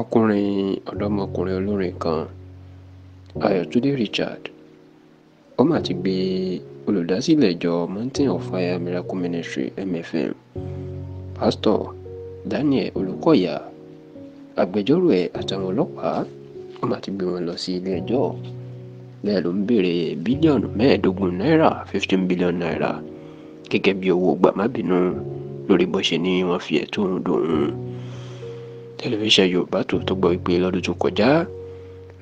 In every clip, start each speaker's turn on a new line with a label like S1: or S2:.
S1: ọkùnrin ọ̀dọ́mọkùnrin olórin kan Ayọ̀túndé Richard ó mà ti gbé olùdásílẹ̀ ìjọ Mountain of Fire Miracle Ministry MFM Pastor, Daniel Olùkọ́yà agbẹjọ́rò ẹ̀ àtàwọn ọlọ́pàá ó mà ti gbé wọn lọ sí ilé ẹjọ́ bẹ́ẹ̀ ló ń béèrè bílíọ̀nù mẹ́ẹ̀ẹ́dógún náírà fifteen billion naira gẹ́gẹ́ bí owó gbàmábìínú lórí bó ṣe ní wọ́n fi ẹ̀tọ́ òun dòun tẹlifíṣàn Yorùbá Tòótọ́ gbọ́ pé lọ́dún tó kọjá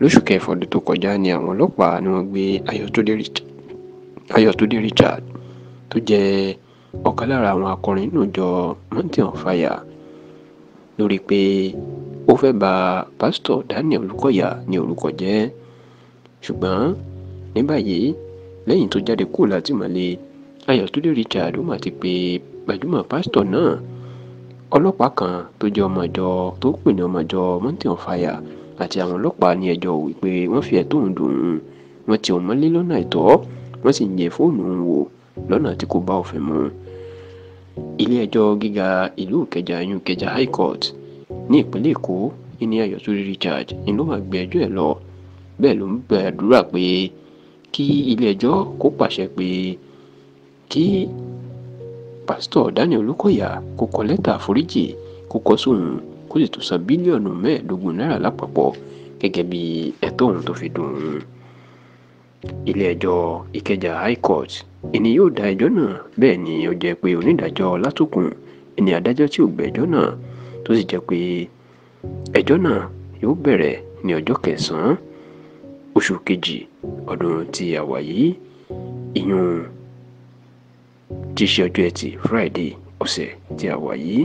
S1: lóṣù kẹfà ọdún tó kọjá ni àwọn ọlọ́pàá ni wọ́n gbé Ayọ̀túndé Richard tó jẹ́ ọ̀kan lára àwọn akọrin nínú ìjọ Mountain of Fire lórí pé ó fẹ́ ba pásítọ̀ Daniel Olùkọ́yà ní orúkọ jẹ́ ṣùgbọ́n ní báyìí lẹ́yìn tó jáde kúrò látìmọ́lé Ayọ̀túndé Richard ó mà ti pe gbajúmọ̀ pásítọ̀ náà ọlọ́pàá kan tó jẹ́ ọmọ ìjọ tó pè ní ọmọ ìjọ mountain on fire àti àwọn ọlọ́pàá ní ẹjọ́ wípé wọ́n fi ẹ̀tọ́ dùn ún wọ́n ti ọmọ lé lọ́nà àìtọ́ wọ́n sì yẹ fóònù òun wò lọ́nà tí kò bá òfin mu ilé ẹjọ́ gíga ìlú Ìkẹjà yún Ìkẹjà high court ní ìpínlẹ̀ Èkó ní Ayọ̀túndé Richard ni ló máa gbé ẹjọ́ ẹ̀ lọ bẹ́ẹ̀ ló ń gbàdúrà pé kí ilé ẹjọ́ kó pàṣẹ pé kí pásítọ̀ Daniel Olùkọ́yà kò kọ lẹ́tà àforíjì kò kọ sóun kó sì tún san bílíọ̀nù mẹ́ẹ̀ẹ́dógún náírà lápapọ̀ gẹ́gẹ́ bí ẹ̀tọ́ òun tó fi dùn ún. ilé-ẹjọ́ Ìkẹjà High Court ẹni yóò da ẹjọ́ náà bẹ́ẹ̀ ni ó jẹ́ pé onídàájọ́ Látòkùn ẹni adájọ́ tí ò gbẹ́jọ́ náà tó sì jẹ́ pé ẹjọ́ náà yóò bẹ̀rẹ̀ ní ọjọ́ kẹsàn-án oṣù kejì ọdún tí a yìí ìyún tí í ṣe Friday ọ̀sẹ̀ tí a wà you